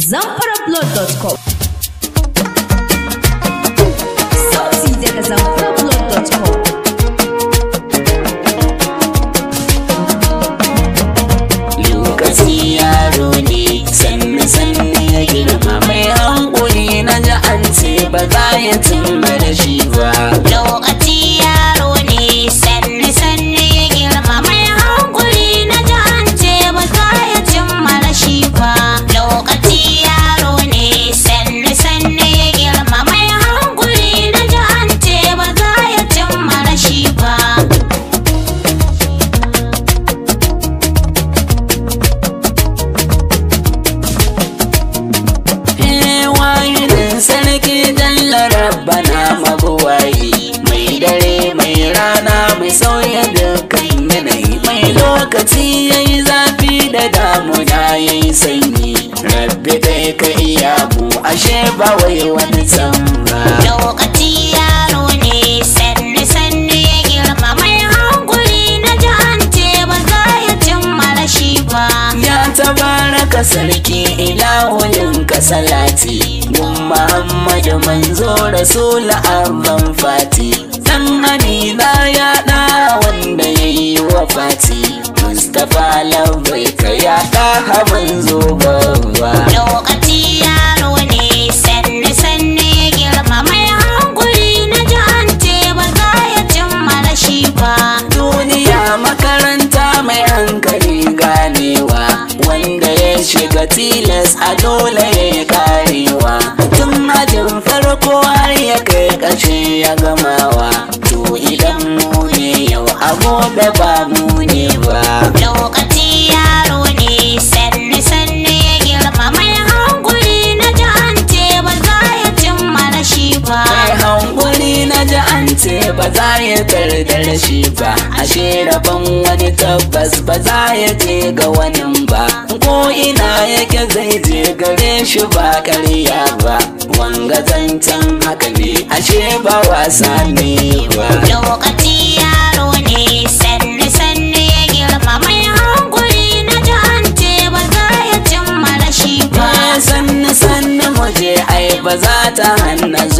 zamparablood.com ka sarki ila wunin ka salati Mun Muhammadu manzo Rasul Amman Fati Dan Amina ya da wanda yayi wa Fati Mustapha Lambai ka ya ɗa manzo babba ga tilas a dole ya yi karewa tun majin farko har ya kai ƙarshe ya gamawa to idan mu ne yau a gobe ba mu ne ba yarda da shi ba ashe rabon wani tabbas ba za ya je ga wani ba ko ina yake zai je gare shi ba karya ba wanga zancen haka ne ashe ba wasa ne ba lokaci yaro ne sanne sanne ya girma mai hankuli na jihante ba za ya cimma rashi ba sanne sanne je ai ba za ta hannu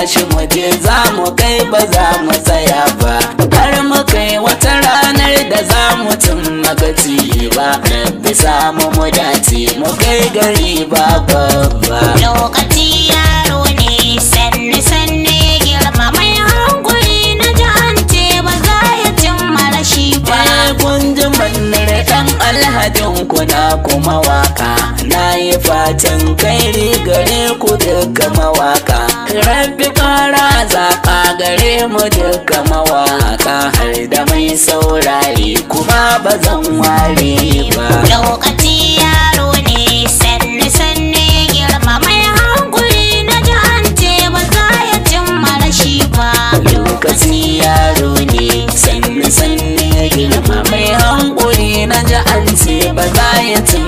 tashi mu je za mu kai ba za mu tsaya ba har mu kai wata ranar da za mu tun magaci ba rabbi samu mu dace mu kai gari ba babba lokaci yaro ne sanni sanni girma mai hankuri na ji ce ba za ya cimma rashi ba kun ji mannare dan alhajin na kuma waka na yi fatan kai gare ku duka mawaka rabbi mu duka mawaƙa har da mai saurari kuma ba zan ware ba lokaci yaro ne sanne sanne girma mai hankuri na ji an ba za ya cimma rashi ba lokaci yaro ne sanne sanne girma mai hankuri na ji ba za ya cimma